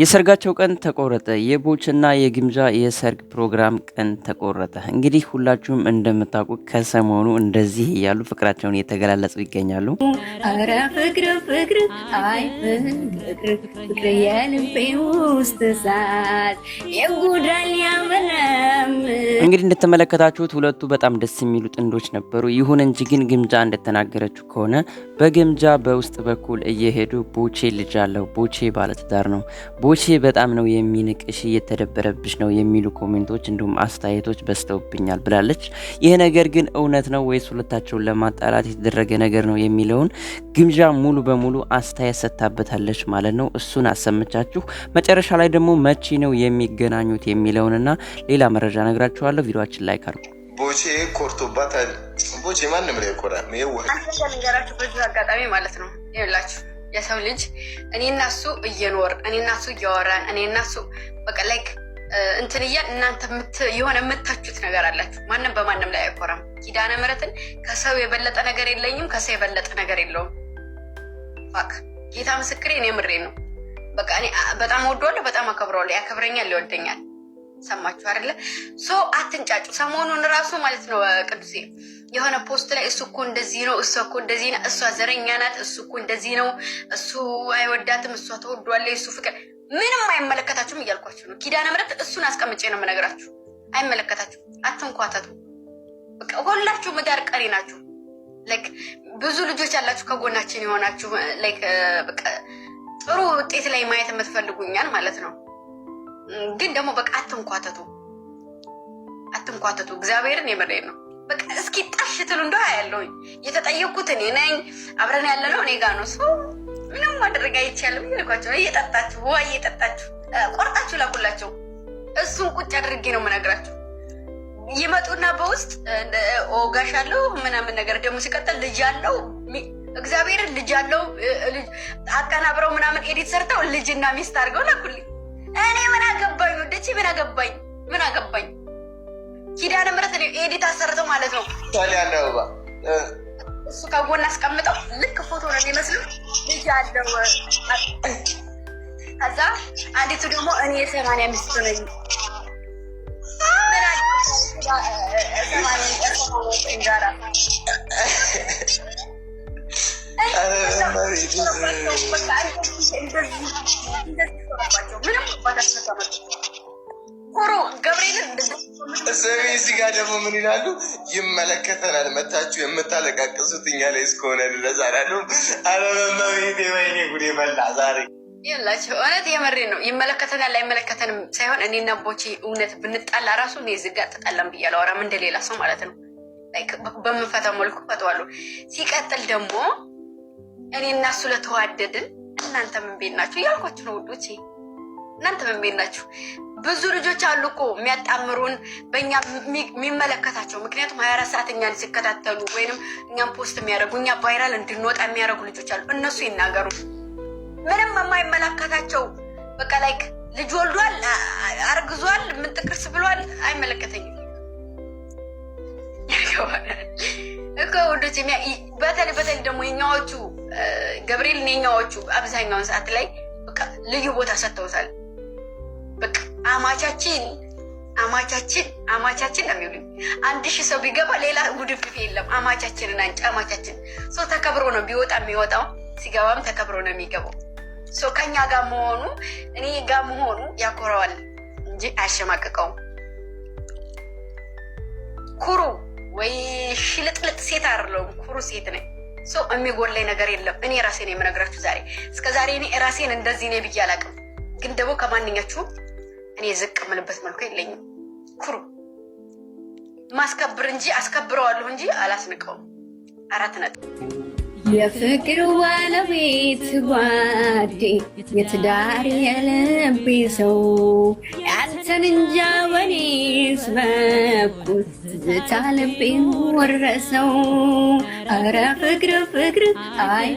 የሰርጋቸው ቀን ተቆረጠ። የቦችና የግምጃ የሰርግ ፕሮግራም ቀን ተቆረጠ። እንግዲህ ሁላችሁም እንደምታውቁ ከሰሞኑ እንደዚህ እያሉ ፍቅራቸውን እየተገላለጹ ይገኛሉ። ኧረ ፍቅር ፍቅር፣ አይ ፍቅር ፍቅር፣ የልቤ ውስጥ የጉዳል ያምረም። እንግዲህ እንደተመለከታችሁት ሁለቱ በጣም ደስ የሚሉ ጥንዶች ነበሩ። ይሁን እንጂ ግን ግምጃ እንደተናገረችው ከሆነ በግምጃ በውስጥ በኩል እየሄዱ ቦቼ ልጅ አለው፣ ቦቼ ባለትዳር ነው ቦቼ በጣም ነው የሚንቅሽ፣ እየተደበረብሽ ነው የሚሉ ኮሜንቶች እንዲሁም አስተያየቶች በስተውብኛል ብላለች። ይህ ነገር ግን እውነት ነው ወይስ ሁለታቸውን ለማጣላት የተደረገ ነገር ነው የሚለውን ግምዣ ሙሉ በሙሉ አስተያየት ሰጥታበታለች ማለት ነው። እሱን አሰምቻችሁ መጨረሻ ላይ ደግሞ መቼ ነው የሚገናኙት የሚለውንና ሌላ መረጃ ነግራችኋለሁ። ቪዲዮችን ላይክ አድርጉ። ቦቼ ኮርቶባታል። ቦቼ ማንም ላይ ኮራ አጋጣሚ ማለት ነው ይላችሁ የሰው ልጅ እኔ እናሱ እየኖር እኔ እናሱ እያወራን እኔ እናሱ በቃ ላይክ እንትን እያል እናንተ የሆነ የምታችሁት ነገር አላችሁ። ማንም በማንም ላይ አይኮራም። ኪዳነ ምሕረትን ከሰው የበለጠ ነገር የለኝም፣ ከሰው የበለጠ ነገር የለውም። ፋክ ጌታ ምስክሬ፣ እኔ ምሬ ነው። በቃ እኔ በጣም ወደዋለሁ፣ በጣም አከብረዋለሁ። ያከብረኛል፣ ይወደኛል። ሰማችሁ አይደለ? ሶ አትንጫጩ። ሰሞኑን ራሱ ማለት ነው ቅዱሴ የሆነ ፖስት ላይ እሱ እኮ እንደዚህ ነው፣ እሷ እኮ እንደዚህ ናት፣ እሷ ዘረኛ ናት፣ እሱ እኮ እንደዚህ ነው፣ እሱ አይወዳትም፣ እሷ ተወዷለ፣ እሱ ፍቅር ምንም አይመለከታችሁም እያልኳችሁ ነው። ኪዳነ ምሕረት እሱን አስቀምጬ ነው የምነግራችሁ። አይመለከታችሁ፣ አትንኳተቱ። ሁላችሁ ምዳር ቀሪ ናችሁ። ላይክ ብዙ ልጆች ያላችሁ ከጎናችን የሆናችሁ ላይክ በቃ ጥሩ ውጤት ላይ ማየት የምትፈልጉኛል ማለት ነው። ግን ደግሞ በቃ አትንኳተቱ፣ አትንኳተቱ። እግዚአብሔርን የምሬን ነው። በቃ እስኪ ጣሽ ትሉ እንደ ያለውኝ የተጠየኩት እኔ ነኝ። አብረን ያለ ነው እኔ ጋ ነው። ሰው ምንም ማድረግ አይቻልም። ይልኳቸው እየጠጣችሁ ዋ እየጠጣችሁ ቆርጣችሁ ላኩላቸው። እሱን ቁጭ አድርጌ ነው የምነግራቸው። ይመጡና በውስጥ ኦጋሽ አለው ምናምን ነገር ደግሞ ሲቀጥል ልጅ አለው እግዚአብሔርን ልጅ አለው አቀናብረው ምናምን ኤዲት ሰርተው ልጅና ሚስት አድርገው ላኩልኝ። እኔ ምን አገባኝ ወደች ምን አገባኝ ምን አገባኝ ኪዳነ ምሕረት ኤዲት አሰርተው ማለት ነው። ያለው እሱ ከጎን አስቀምጠው ልክ ፎቶ ነው የሚመስሉ ልጅ አለው። ከዛ አንዲቱ ደግሞ እኔ የሰማንያ ሚስቱ ነኝ ምንም ቁሩ ገብርኤልን ስሚ። እዚህ ጋር ደግሞ ምን ይላሉ? ይመለከተናል መታችሁ የምታለቃቅሱት እኛ ላይ እስከሆነ ድረስ አላለም። አለመማቤት የባይኔ ጉዴ በላ ዛሬ ይላቸው። እውነት የመሬ ነው። ይመለከተናል ላይመለከተንም ሳይሆን እኔና ቦቼ እውነት ብንጣላ ራሱ እኔ ዝጋ ጋር ተጣላም ብዬ አላወራም፣ እንደሌላ ሰው ማለት ነው። በምንፈታው መልኩ ፈተዋሉ። ሲቀጥል ደግሞ እኔ እና እሱ ለተዋደድን እናንተ ምን ቤት ናችሁ እያልኳችሁ ነው ውዶቼ። እናንተ ምን ቤት ናችሁ? ብዙ ልጆች አሉ እኮ የሚያጣምሩን በእኛ የሚመለከታቸው። ምክንያቱም ሀያ አራት ሰዓት እኛን ሲከታተሉ ወይንም እኛም ፖስት የሚያደርጉ እኛ ቫይራል እንድንወጣ የሚያደርጉ ልጆች አሉ። እነሱ ይናገሩ። ምንም የማይመለከታቸው በቃ ላይክ ልጅ ወልዷል፣ አርግዟል፣ ምንጥቅርስ ብሏል፣ አይመለከተኝም እኮ ወንዶች። በተለይ በተለይ ደግሞ የኛዎቹ ገብርኤልን የኛዎቹ አብዛኛውን ሰዓት ላይ ልዩ ቦታ ሰጥተውታል በቃ አማቻችን አማቻችን አማቻችን ነው የሚሉኝ። አንድ ሺህ ሰው ቢገባ ሌላ ጉድፍፍ የለም። አማቻችንን አንቺ አማቻችን ሰው ተከብሮ ነው ቢወጣ የሚወጣው ሲገባም ተከብሮ ነው የሚገባው። ሰው ከኛ ጋር መሆኑ እኔ ጋር መሆኑ ያኮረዋል እንጂ አያሸማቅቀውም። ኩሩ ወይ ሽልጥልጥ ሴት አይደለሁም፣ ኩሩ ሴት ነኝ። ሰው የሚጎለኝ ነገር የለም። እኔ ራሴን የምነግራችሁ ዛሬ እስከ ዛሬ እኔ ራሴን እንደዚህ ነኝ ብዬ አላውቅም። ግን ደግሞ ከማንኛችሁም እኔ ዝቅ ምልበት መልኩ የለኝም። ኩሩ ማስከብር እንጂ አስከብረዋለሁ እንጂ አላስንቀውም። አራት ነጥብ። የፍቅር ባለቤት ጓዴ፣ የትዳር የልቤ ሰው ያንተን እንጃ ወኔስ በኩት ዝታ ልቤን ወረሰው። አረ ፍቅር ፍቅር አይ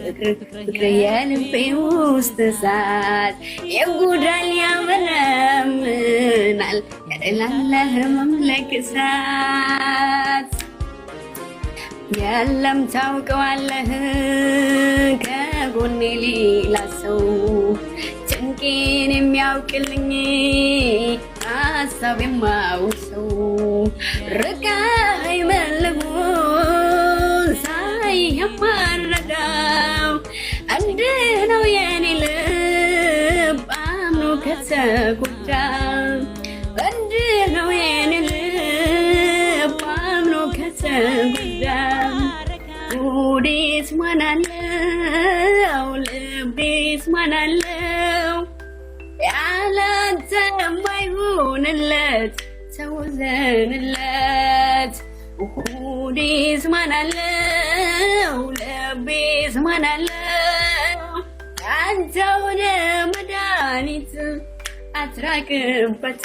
ፍቅር ፍቅር የልቤ ውስጥ ሳት የጉዳልያ ላለህ መምለክ እሳት የለም ታውቀዋለህ ከጎኔ ሌላ ሰው ጭንቄን የሚያውቅልኝ ሀሳብ የማውቅ ሰው ርቃይ መልጎ ሳይ የማረዳው እንድ ነው የኔ ልብ አምኖ ከተጎዳ እንዴት ማናለው ያላንተ ባይሆንለት ተውዘንለት ሁዴስ ማናለው ልቤስ ማናለው አንተውነ መድኃኒት አትራቅበት